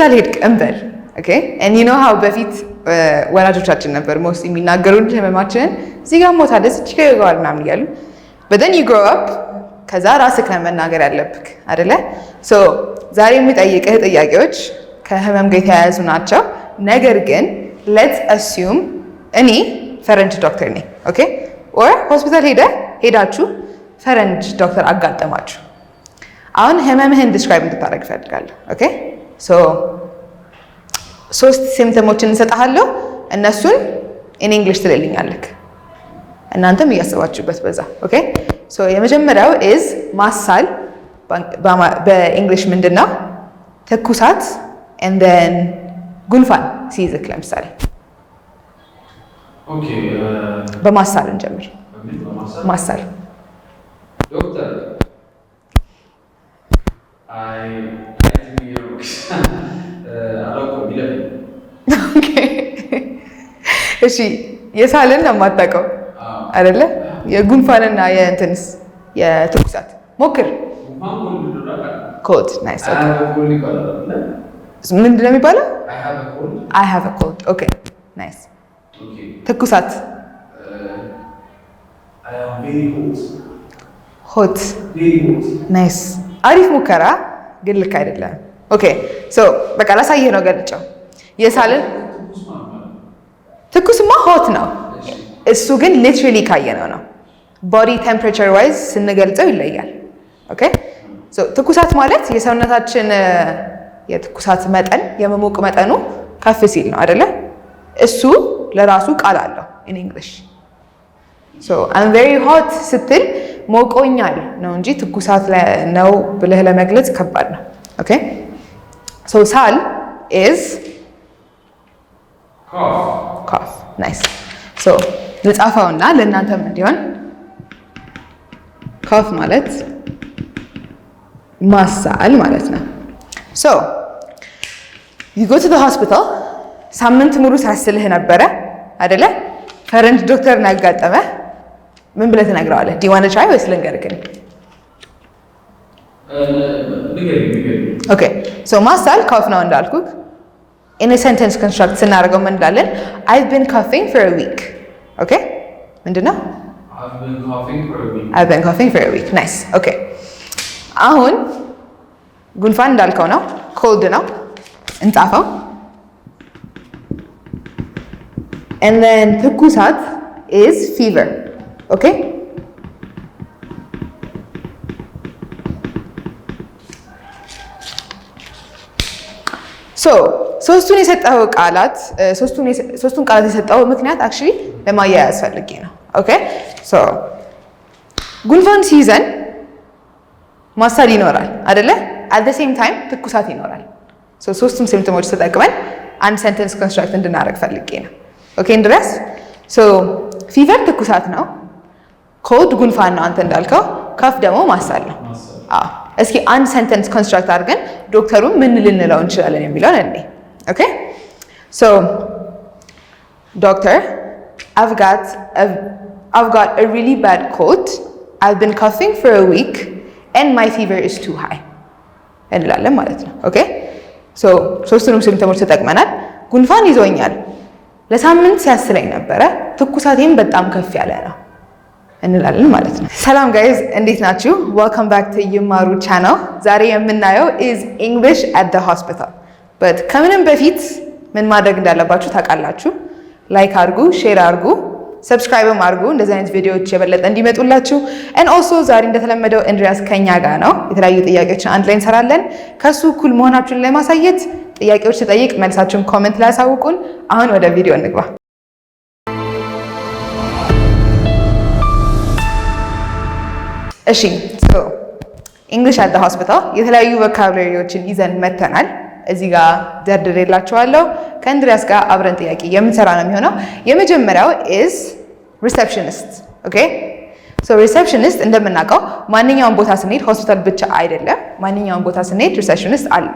ሆስፒታል ሄድክ እንበል እኔ ነው ሀው በፊት uh, ወላጆቻችን ነበር ሞስት የሚናገሩን ህመማችንን እዚህ ጋር ሞታለች እዚህ ከይገዋል ይገዋል ምናምን እያሉ በደን ዩ ግሮው አፕ ከዛ ራስህ ነው መናገር ያለብክ አደለ ሶ ዛሬ የሚጠይቅህ ጥያቄዎች ከህመም ጋር የተያያዙ ናቸው ነገር ግን ሌትስ አስዩም እኔ ፈረንጅ ዶክተር ነኝ ኦኬ ኦር ሆስፒታል ሄደ ሄዳችሁ ፈረንጅ ዶክተር አጋጠማችሁ አሁን ህመምህን ዲስክራይብ እንድታደረግ እፈልጋለሁ ኦኬ ሶስት ሲምተሞችን እንሰጥሃለሁ። እነሱን ኢን እንግሊሽ ትልልኛለህ። እናንተም እያሰባችሁበት በዛ። ኦኬ ሶ የመጀመሪያው ኢዝ ማሳል በእንግሊሽ ምንድን ነው? ትኩሳት ኤንድ ዜን ጉንፋን ሲይዝክ ለምሳሌ በማሳል እንጀምር። ማሳል ዶክተር እሺ የሳልን ነው የማታውቀው አይደለ? የጉንፋንና የእንትንስ የትኩሳት ሞክር። ኮልድ ናይስ። ምንድን ነው የሚባለው? አይ ሃቭ አ ኮልድ። ኦኬ ናይስ። ትኩሳት ሆት ናይስ። አሪፍ ሙከራ ግን ልክ አይደለም። ኦኬ ሶ በቃ ላሳየህ ነው ገልጨው። የሳልን ትኩስማ ሆት ነው እሱ ግን ሊትራሊ ካየነው ነው ቦዲ ቴምፕሬቸር ዋይዝ ስንገልጸው ይለያል። ኦኬ ሶ ትኩሳት ማለት የሰውነታችን የትኩሳት መጠን የመሞቅ መጠኑ ከፍ ሲል ነው አይደለ? እሱ ለራሱ ቃል አለው ኢን እንግሊሽ ሶ አም ቬሪ ሆት ስትል ሞቆኛል ነው እንጂ ትኩሳት ነው ብለህ ለመግለጽ ከባድ ነው። ኦኬ So sal is cough. Nice. So ልጻፈውና ለእናንተም እንዲሆን ኮፍ ማለት ማሳል ማለት ነው። ሶ ዩ ጎ ቱ ዘ ሆስፒታል ሳምንት ሙሉ ሳስልህ ነበረ አይደለ? ፈረንጅ ዶክተርን ያጋጠመ ምን ብለህ ትነግረዋለህ? ዲዋነ ቻይ ወይስ ልንገርህ ግን ኦኬ ሶ ማሳል ካፍ ነው እንዳልኩ ኢን ሰንተንስ ኮንስትራክት ስናደርገው ምን እንላለን? አይቭ ቢን ካፊንግ ፎር አ ዊክ። ኦኬ ምንድን ነው አይቭ ቢን ካፊንግ ፎር አ ዊክ? ናይስ ኦኬ። አሁን ጉንፋን እንዳልከው ነው፣ ኮልድ ነው እንጻፈው። ኤንድ ዜን ትኩሳት ኢዝ ፊቨር ኦኬ ሶስቱን የሰጠው ቃላት ሶስቱን ቃላት የሰጠው ምክንያት አክቹዋሊ ለማያያዝ ፈልጌ ነው። ኦኬ ሶ ጉንፋን ሲይዘን ማሳል ይኖራል አደለ አት ዘ ሴም ታይም ትኩሳት ይኖራል። ሶ ሶስቱም ሲምፕቶሞች ተጠቅመን አንድ ሴንተንስ ኮንስትራክት እንድናደርግ ፈልጌ ነው። ኦኬ እንድረስ ሶ ፊቨር ትኩሳት ነው። ኮልድ ጉንፋን ነው አንተ እንዳልከው። ካፍ ደግሞ ማሳል ነው። አዎ እስኪ አንድ ሰንተንስ ኮንስትራክት አድርገን ዶክተሩን ምን ልንለው እንችላለን የሚለውን እኔ ኦኬ ሶ ዶክተር I've got a, I've ኮት a really bad cold. I've been coughing for a week and እንላለን ማለት ነው። ኦኬ ሶ ሶስቱንም ሲምፕተሞች ተጠቅመናል። ጉንፋን ይዞኛል፣ ለሳምንት ሲያስለኝ ነበረ፣ ትኩሳቴም በጣም ከፍ ያለ ነው እንላለን ማለት ነው። ሰላም ጋይዝ እንዴት ናችሁ? ወልካም ባክ ቱ ይማሩ ቻናል። ዛሬ የምናየው ኢዝ ኢንግሊሽ አት ዘ ሆስፒታል በት ከምንም በፊት ምን ማድረግ እንዳለባችሁ ታውቃላችሁ። ላይክ አድርጉ፣ ሼር አድርጉ፣ ሰብስክራይብም አድርጉ እንደዚህ አይነት ቪዲዮዎች የበለጠ እንዲመጡላችሁ። ኤን ኦልሶ ዛሬ እንደተለመደው እንድሪያስ ከኛ ጋር ነው። የተለያዩ ጥያቄዎችን አንድ ላይ እንሰራለን። ከሱ እኩል መሆናችሁን ለማሳየት ጥያቄዎች ስጠይቅ መልሳችሁን ኮመንት ላይ ያሳውቁን። አሁን ወደ ቪዲዮ እንግባ። እሺ ኢንግሊሽ አት ሆስፒታል የተለያዩ ቮካብላሪዎችን ይዘን መተናል። እዚህ ጋር ደርድሬላችኋለሁ። ከእንድሪያስ ጋር አብረን ጥያቄ የምንሰራ ነው የሚሆነው። የመጀመሪያው ኢዝ ሪሰፕሽኒስት። ኦኬ ሶ ሪሰፕሽኒስት እንደምናውቀው ማንኛውም ቦታ ስንሄድ ሆስፒታል ብቻ አይደለም፣ ማንኛውም ቦታ ስንሄድ ሪሰፕሽኒስት አለ።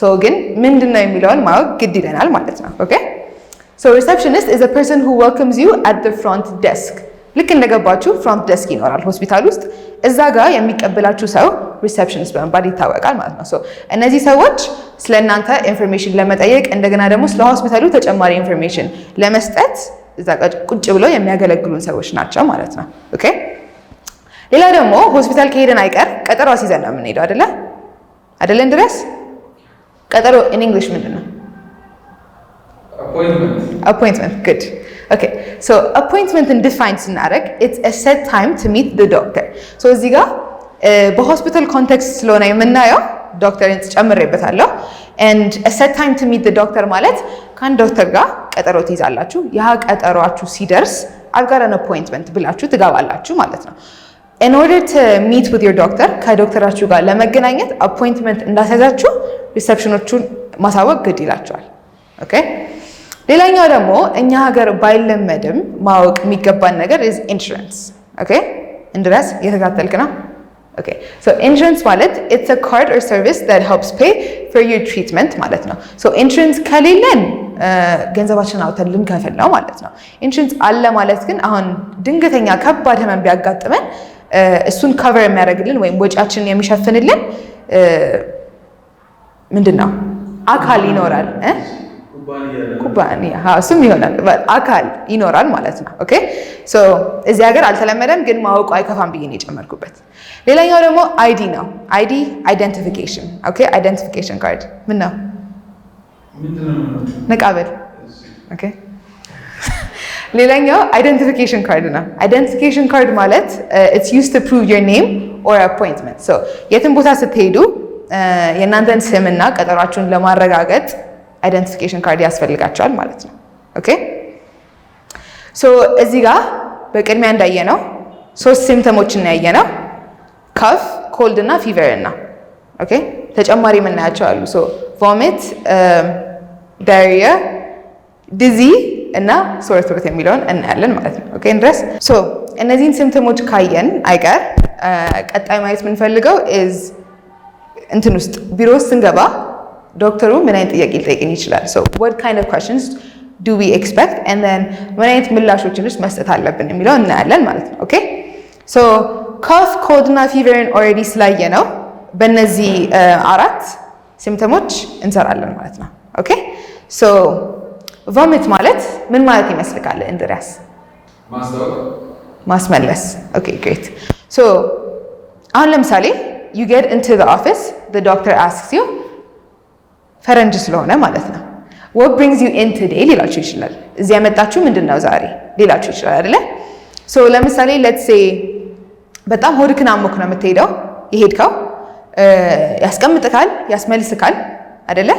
ሶ ግን ምንድን ነው የሚለውን ማወቅ ግድ ይለናል ማለት ነው። ኦኬ ሶ ሪሰፕሽኒስት ኢዝ ፐርሰን ሁ ዌልከምስ ዩ አት ፍሮንት ደስክ። ልክ እንደገባችሁ ፍሮንት ደስክ ይኖራል ሆስፒታል ውስጥ እዛ ጋር የሚቀበላችሁ ሰው ሪሰፕሽንስ በመባል ይታወቃል ማለት ነው። እነዚህ ሰዎች ስለ እናንተ ኢንፎርሜሽን ለመጠየቅ እንደገና ደግሞ ስለ ሆስፒታሉ ተጨማሪ ኢንፎርሜሽን ለመስጠት እዛ ጋር ቁጭ ብለው የሚያገለግሉን ሰዎች ናቸው ማለት ነው። ኦኬ። ሌላ ደግሞ ሆስፒታል ከሄደን አይቀር ቀጠሮ አስይዘን ነው የምንሄደው አደለ አደለን ድረስ ቀጠሮ ኢን እንግሊሽ ምንድን ነው? አፖይንትመንት ግድ ኦኬ ሶ አፖይንትመንትን ዲፋይን ስናደርግ ኢትስ አ ሴት ታይም ቱ ሚት ዘ ዶክተር ሶ እዚህ ጋር uh, በሆስፒታል ኮንቴክስት ስለሆነ የምናየው ዶክተርን ጨምሬበታለሁ። ኤንድ አ ሴት ታይም ቱ ሚት ዘ ዶክተር ማለት ከአንድ ዶክተር ጋር ቀጠሮ ትይዛላችሁ። ያ ቀጠሯችሁ ሲደርስ አጋር አን አፖይንትመንት ብላችሁ ትገባላችሁ ማለት ነው። ኢን ኦርደር ቱ ሚት ዊዝ ዮር ዶክተር ከዶክተራችሁ ጋር ለመገናኘት አፖይንትመንት እንዳስያዛችሁ ሪሰፕሽኖቹን ማሳወቅ ግድ ይላቸዋል። ኦኬ ሌላኛው ደግሞ እኛ ሀገር ባይለመድም ማወቅ የሚገባን ነገር ኢዝ ኢንሹረንስ። ኦኬ እንድረስ እየተከታተልክ ነው? ኦኬ ማለት ኢትስ አ ካርድ ኦር ሰርቪስ ዛት ሄልፕስ ፔይ ፎር ዩር ትሪትመንት ማለት ነው። ሶ ኢንሹረንስ ከሌለን ገንዘባችንን አውተን ልንከፍል ነው ማለት ነው። ኢንሹረንስ አለ ማለት ግን አሁን ድንገተኛ ከባድ ህመም ቢያጋጥመን እሱን ከቨር የሚያደርግልን ወይም ወጪያችንን የሚሸፍንልን ምንድን ነው አካል ይኖራል። ኩባንያ እሱም ይሆናል አካል ይኖራል ማለት ነው። ኦኬ ሶ እዚህ ሀገር አልተለመደም፣ ግን ማወቁ አይከፋም ብዬ ነው የጨመርኩበት። ሌላኛው ደግሞ አይዲ ነው። አይዲ አይደንቲፊኬሽን። ኦኬ አይደንቲፊኬሽን ካርድ ምን ነው? ነቃበል። ኦኬ ሌላኛው አይደንቲፊኬሽን ካርድ ነው። አይደንቲፊኬሽን ካርድ ማለት ኢትስ ዩዝድ ቱ ፕሩቭ ዮር ኔም ኦር አፖይንትመንት። ሶ የትን ቦታ ስትሄዱ የእናንተን ስምና ቀጠሯችሁን ለማረጋገጥ አይደንቲፊኬሽን ካርድ ያስፈልጋቸዋል ማለት ነው። ኦኬ ሶ እዚህ ጋር በቅድሚያ እንዳየ ነው ሶስት ሲምፕተሞችን ያየ ነው ካፍ፣ ኮልድ እና ፊቨር እና ኦኬ ተጨማሪ የምናያቸው አሉ። ሶ ቮሚት፣ ዳይሪያ፣ ዲዚ እና ሶር ትሮት የሚለውን እናያለን ማለት ነው። ኦኬ እንድረስ ሶ እነዚህን ሲምፕተሞች ካየን አይቀር ቀጣይ ማየት የምንፈልገው ኢዝ እንትን ውስጥ ቢሮ ውስጥ ስንገባ ዶክተሩ ምን አይነት ጥያቄ ሊጠይቅን ይችላል? ወድ ካይንድ ኦፍ ኳስችንስ ዱ ዊ ኤክስፔክት ኤንድ ዜን ምን አይነት ምላሾችንስ መስጠት አለብን የሚለው እናያለን ማለት ነው። ኦኬ ሶ ኮፍ ኮልድና ፊቨርን ኦልሬዲ ስላየ ነው በእነዚህ አራት ሲምፕተሞች እንሰራለን ማለት ነው። ኦኬ ሶ ቮሚት ማለት ምን ማለት ይመስልካል እንድሪያስ? ማስመለስ። ኦኬ ግሬት ሶ አሁን ለምሳሌ ዩ ጌት ኢንቱ ዘ ኦፊስ ዘ ዶክተር አስክስ ዩ ፈረንጅ ስለሆነ ማለት ነው። what brings you in today ሊላችሁ ይችላል። እዚህ ያመጣችሁ ምንድን ነው ዛሬ ሊላችሁ ይችላል አይደለ? ሶ ለምሳሌ let's say በጣም ሆድክን አሞክ ነው የምትሄደው የሄድከው ያስቀምጥካል፣ ያስመልስካል አይደለ?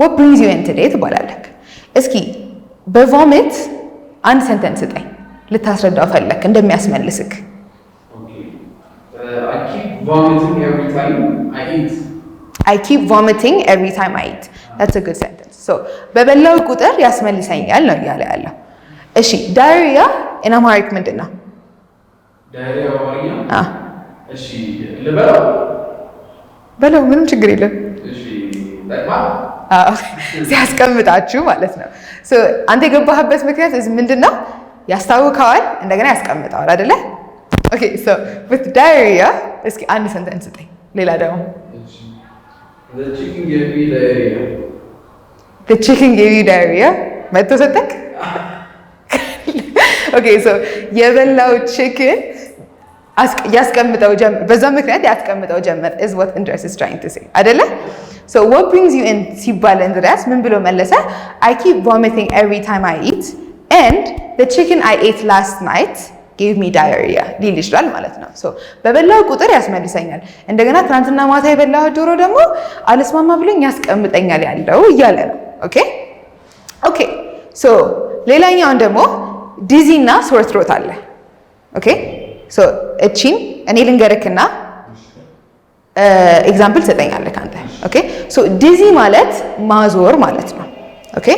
what brings you in today ትባላለህ። እስኪ በቮሚት አንድ ሰንተንስ ስጠኝ ልታስረዳው ፈለክ እንደሚያስመልስክ uh, አይ ኪፕ ቮሚቲንግ ኤቭሪ ታይም አይ ኢት ዳትስ አ ጉድ ሴንተንስ። ሶ በበላው ቁጥር ያስመልሰኛል ነው እያለ ያለው። እሺ ዳይሪያ ኢን አማሪክ ምንድን ነው? በለው ምንም ችግር የለም ሲያስቀምጣችሁ ማለት ነው። አንተ የገባህበት ምክንያት እዚህ ምንድን ነው? ያስታውከዋል፣ እንደገና ያስቀምጠዋል አይደለ? ዳይሪያ። እስኪ አንድ ሰንተንስ ስጠኝ ሌላ ደግሞ The chicken gave me diarrhea. The chicken gave you diarrhea? ما تصدق؟ ኦኬ ሶ የበላው ቺክን ያስቀምጠው ጀመር። በዛ ምክንያት ያስቀምጠው ጀመር ኢዝ ዋት እንድረስ ኢዝ ትራይንግ ቱ ሴ አይደለ? ሶ ዋት ብሪንግስ ዩ ኢን ሲባል እንድረስ ምን ብሎ መለሰ? አይ ኪፕ ቮሚቲንግ ኤቭሪ ታይም አይ ኢት ኤንድ ዘ ቺክን አይ ኤት ላስት ናይት ጊቭ ሚ ዳየሪያ ሊል ይችላል ማለት ነው። በበላው ቁጥር ያስመልሰኛል። እንደገና ትናንትና ማታ የበላው ዶሮ ደግሞ አልስማማ ብሎኝ ያስቀምጠኛል ያለው እያለ ነው። ኦኬ ኦኬ። ሶ ሌላኛውን ደግሞ ዲዚ እና ሶር ትሮት አለ። ኦኬ ሶ እቺን እኔ ልንገርክና ኤግዛምፕል ትሰጠኛለህ አንተ። ኦኬ ሶ ዲዚ ማለት ማዞር ማለት ነው። ኦኬ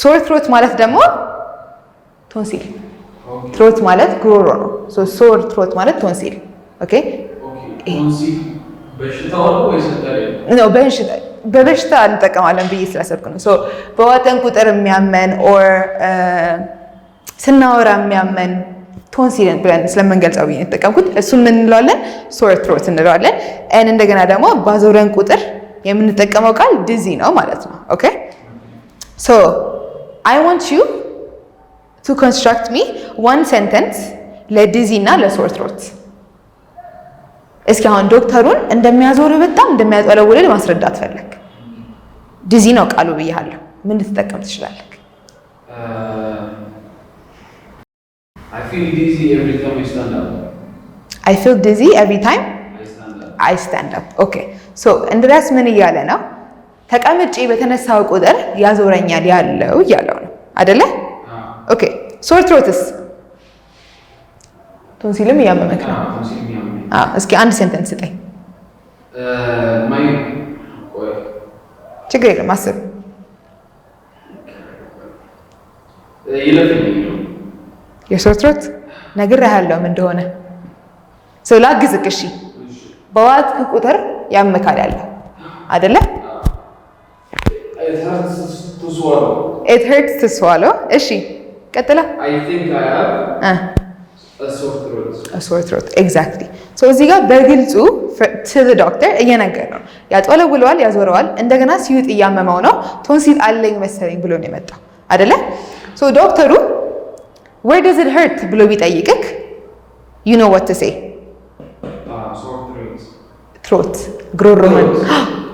ሶር ትሮት ማለት ደግሞ ቶንሲል ትሮት ማለት ጉሮሮ ነው። ሶር ትሮት ማለት ቶንሲል በበሽታ እንጠቀማለን ብዬ ስላሰብክ ነው። በዋጠን ቁጥር የሚያመን ኦር ስናወራ የሚያመን ቶንሲል ብለን ስለምንገልጸው ብዬ የተጠቀምኩት እሱ ምን እንለዋለን? ሶር ትሮት እንለዋለን። ን እንደገና ደግሞ ባዞረን ቁጥር የምንጠቀመው ቃል ዲዚ ነው ማለት ነው። ኦኬ ሶ አይ ዋንት ዩ ቱ ኮንስትራክት ሚ ዋን ሴንተንስ ለዲዚ እና ለሶር ትሮት። እስኪ አሁን ዶክተሩን እንደሚያዞር በጣም እንደሚያጠለውልል ማስረዳት ፈለግ። ዲዚ ነው ቃሉ ብያለሁ። ምን ልትጠቀም ትችላለህ? አይ ፊል ዲዚ ኤቭሪ ታይም አይ ስታንድ አፕ። ኦኬ ሶ እንድሪያስ ምን እያለ ነው? ተቀምጬ በተነሳው ቁጥር ያዞረኛል ያለው እያለው ነው አደለ? ኦኬ ሶር ትሮትስ ቶንሲልም እያመመክ ነው። እስኪ አንድ ሴንተንስ ስጠኝ። ችግር የለም አስብ። የሶር ትሮት ነግሬሃለሁም እንደሆነ ስላ ግዝቅ እሺ፣ በዋጥክ ቁጥር ያምካል ያለ አይደለ? ኢት ሄርትስ ቱ ስዋሎ እሺ ቀጥላ ሶርትሮት ኤግዛክትሊ። እዚህ ጋር በግልጹ ትዝ ዶክተር እየነገር ነው። ያጠለውለዋል፣ ያዞረዋል። እንደገና ሲውጥ እያመመው ነው። ቶንሲል አለኝ መሰለኝ ብሎ ነው የመጣው አደለ? ዶክተሩ ዌር ደዝ ኢት ሄርት ብሎ ቢጠይቅክ ዩ ኖ ዋት ቱ ሴይ ትሮት ግሮሮ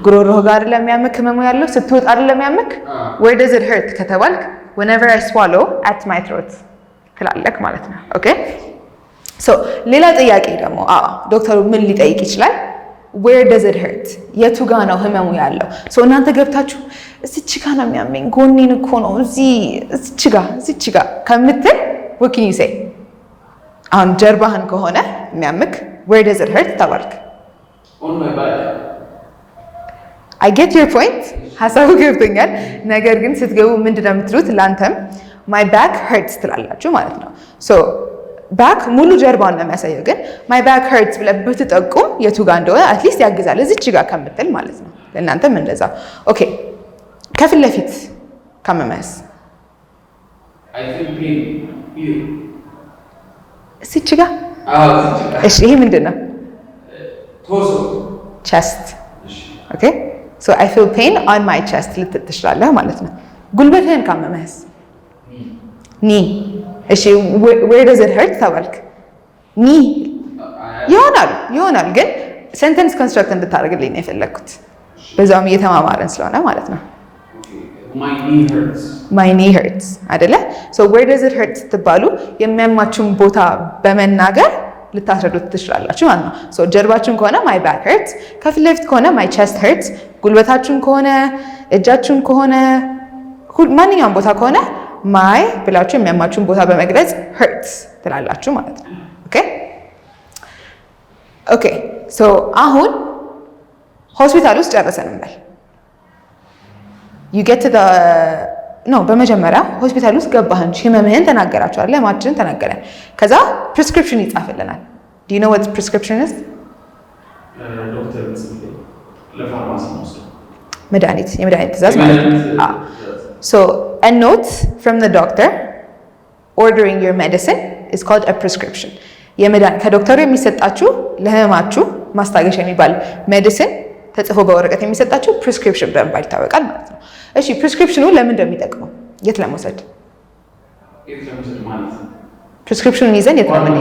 ግሮሮ ጋር ለሚያመክ ህመሙ ያለው ስትወጥ አይደለም ያመክ ዌር ደዝ ኢት ሄርት ከተባልክ whenever I swallow at my throat ትላለክ ማለት ነው። ኦኬ ሶ ሌላ ጥያቄ ደግሞ ዶክተሩ ምን ሊጠይቅ ይችላል? where does it hurt የቱ ጋ ነው ህመሙ ያለው? ሶ እናንተ ገብታችሁ እዚች ጋ ነው የሚያመኝ ጎኔን እኮ ነው እዚህ እዚች ጋ እዚች ጋ ከምትል what can you say አሁን ጀርባህን ከሆነ የሚያምክ where does it hurt ተባልክ አይ ጌት ዮር ፖይንት ሀሳቡ ገብቶኛል። ነገር ግን ስትገቡ ምንድን ነው የምትሉት? ለአንተም ማይ ባክ ሄርትስ ትላላችሁ ማለት ነው። ሶ ባክ ሙሉ ጀርባውን ነው የሚያሳየው፣ ግን ማይ ባክ ሄርትስ ብለህ ብትጠቁም የቱ ጋ እንደሆነ አትሊስት ያግዛል፣ እዚች ጋ ከምትል ማለት ነው። ለእናንተም እንደዛ። ኦኬ ከፊት ለፊት ካመመስ ስች ጋ እሺ፣ ይሄ ምንድን ነው? ቸስት ኦኬ ሶ አይ ፊል ፔን ኦን ማይ ቸስት ልትል ትችላለህ ማለት ነው። ጉልበትህን ካመመህስ ኒ እሺ፣ ዌር ዶዝ ኢት ሄርት ተባልክ ኒ ይሆናል ይሆናል፣ ግን ሴንተንስ ኮንስትራክት እንድታደርግልኝ ነው የፈለግኩት። በዛውም እየተማማረን ስለሆነ ማለት ነው። ማይ ኒ ሄርትስ አይደለ? ሶ ዌር ዶዝ ኢት ሄርት ስትባሉ የሚያማችሁን ቦታ በመናገር ልታስረዱት ትችላላችሁ ማለት ነው። ጀርባችን ከሆነ ማይ ባክ ሄርት፣ ከፊት ለፊት ከሆነ ማይ ቸስት ሄርት ጉልበታችን ከሆነ እጃችን ከሆነ ማንኛውም ቦታ ከሆነ ማይ ብላችሁ የሚያማችሁን ቦታ በመግለጽ ህርት ትላላችሁ ማለት ነው። ኦኬ ኦኬ። ሶ አሁን ሆስፒታል ውስጥ ጨረሰን እንበል ዩ ጌት ኖ በመጀመሪያ ሆስፒታል ውስጥ ገባህን፣ ህመምህን ተናገራቸዋለ፣ ህመማችንን ተናገረን። ከዛ ፕሪስክሪፕሽን ይጻፍልናል። ዲዩ ኖ ወት ፕሪስክሪፕሽን መድኃኒት የመድኃኒት ትእዛዝ ማለት ነው። አ ኖት ፍሮም ዘ ዶክተር ኦርደሪንግ ዮር ሜዲሲን ኢዝ ኮልድ አ ፕሪስክሪፕሽን። ከዶክተሩ የሚሰጣችሁ ለህመማችሁ ማስታገሻ የሚባል ሜዲሲን ተጽፎ በወረቀት የሚሰጣችሁ ፕሪስክሪፕሽን በመባል ይታወቃል ማለት ነው። እሺ ፕሪስክሪፕሽኑ ለምን እንደሚጠቅመው የት ለመውሰድ ፕሪስክሪፕሽኑን ይዘን የት ነው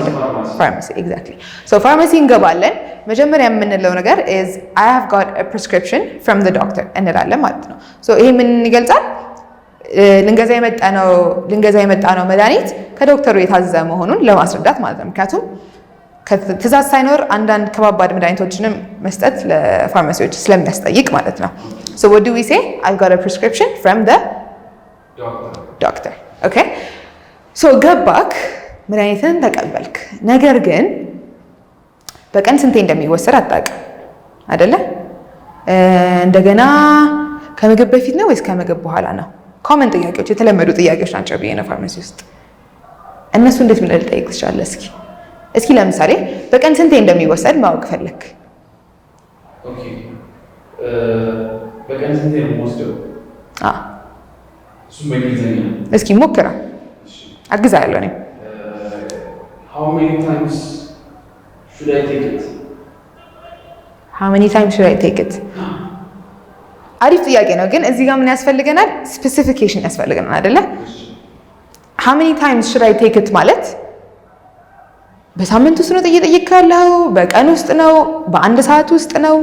ፋርማሲ። ኤግዛክትሊ ሶ ፋርማሲ እንገባለን። መጀመሪያ የምንለው ነገር ኢዝ አይ ሃቭ ጋት አ ፕሪስክሪፕሽን ፍሮም ዘ ዶክተር እንላለን ማለት ነው። ሶ ይሄ ምን ይገልጻል? ልንገዛ የመጣ ነው ልንገዛ የመጣ ነው መድኃኒት ከዶክተሩ የታዘዘ መሆኑን ለማስረዳት ማለት ነው። ምክንያቱም ትእዛዝ ሳይኖር አንዳንድ ከባባድ መድኃኒቶችንም መስጠት ለፋርማሲዎች ስለሚያስጠይቅ ማለት ነው። ሶ ዊ ሴ አይ ጋት አ ፕሪስክሪፕሽን ፍሮም ዘ ዶክተር ኦኬ። ሶ ገባክ መድኃኒትን ተቀበልክ። ነገር ግን በቀን ስንቴ እንደሚወሰድ አታውቅም አይደለ? እንደገና ከምግብ በፊት ነው ወይስ ከምግብ በኋላ ነው? ኮመን ጥያቄዎች፣ የተለመዱ ጥያቄዎች ናቸው ብዬ ነው ፋርማሲ ውስጥ እነሱ እንዴት ብለህ ልጠይቅ ትችላለህ? እስኪ እስኪ ለምሳሌ በቀን ስንቴ እንደሚወሰድ ማወቅ ፈለክ። እስኪ ሞክራ አግዛ ያለው should I take it? How many times should I take it? አሪፍ ጥያቄ ነው። ግን እዚህ ጋር ምን ያስፈልገናል? ስፔሲፊኬሽን ያስፈልገናል አይደለ? how many times should I take it ማለት በሳምንት ውስጥ ነው እየጠየቅ ያለው? በቀን ውስጥ ነው? በአንድ ሰዓት ውስጥ ነው?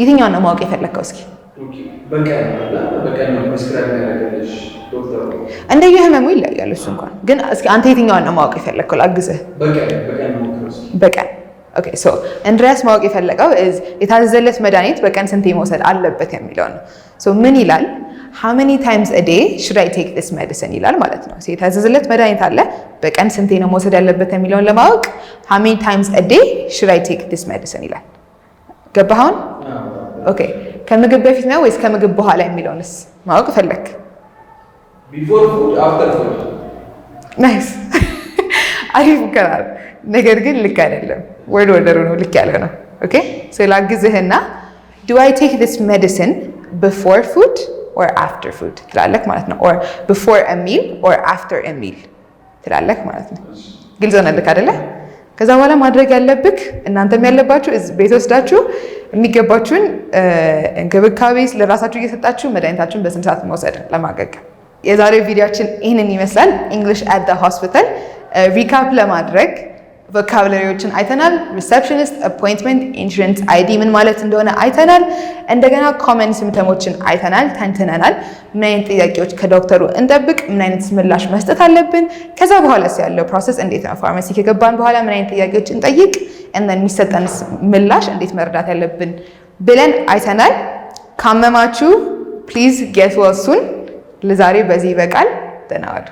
የትኛውን ነው ማወቅ የፈለግከው? እስኪ እንደየ ህመሙ ይለያል። እሱ እንኳን ግን እስኪ አንተ የትኛውን ነው ማወቅ የፈለግከው? ላግዝህ በቀን ኦኬ ሶ እንድሪያስ ማወቅ የፈለገው የታዘዘለት መድኃኒት በቀን ስንቴ መውሰድ አለበት የሚለው ነው። ሶ ምን ይላል? ሃው ሜኒ ታይምስ ኤ ዴይ ሹድ አይ ቴክ ዲስ ሜዲሲን ይላል ማለት ነው። የታዘዘለት መድኃኒት አለ በቀን ስንቴ ነው መውሰድ ያለበት የሚለውን ለማወቅ ሃው ሜኒ ታይምስ ኤ ዴይ ሹድ አይ ቴክ ዲስ ሜዲሲን ይላል። ገባኸውን? ኦኬ ከምግብ በፊት ነው ወይስ ከምግብ በኋላ የሚለውንስ ማወቅ ፈለግ? ናይስ አሪፍ ነገር ግን ልክ አይደለም። ወርድ ወርደሩ ነው ልክ ያለ ነው። ኦኬ ሶ ላግዝህና ዱ አይ ቴክ ዚስ ሜዲሲን ቢፎር ፉድ ኦር አፍተር ፉድ ትላለህ ማለት ነው። ኦር ቢፎር አ ሚል ኦር አፍተር አ ሚል ትላለህ ማለት ነው። ግልጽ ሆነልክ አይደለ? ከዛ በኋላ ማድረግ ያለብክ እናንተም ያለባችሁ ቤት ወስዳችሁ የሚገባችሁን እንክብካቤ ለራሳችሁ እየሰጣችሁ መድኃኒታችሁን በስንት ሰዓት መውሰድ ለማገገም። የዛሬው ቪዲዮችን ይህንን ይመስላል። ኢንግሊሽ አት ሆስፒታል ሪካፕ ለማድረግ ቮካብለሪዎችን አይተናል። ሪሰፕሽኒስት፣ አፖይንትመንት፣ ኢንሹረንስ፣ አይዲ ምን ማለት እንደሆነ አይተናል። እንደገና ኮመን ሲምተሞችን አይተናል፣ ተንትነናል። ምን አይነት ጥያቄዎች ከዶክተሩ እንጠብቅ፣ ምን አይነት ምላሽ መስጠት አለብን፣ ከዛ በኋላ ያለው ፕሮሰስ እንዴት ነው፣ ፋርማሲ ከገባን በኋላ ምን አይነት ጥያቄዎች እንጠይቅ፣ የሚሰጠን ምላሽ እንዴት መረዳት ያለብን ብለን አይተናል። ካመማችሁ ፕሊዝ ጌት ወል ሱን። ለዛሬ በዚህ ይበቃል። ደህና ዋሉ።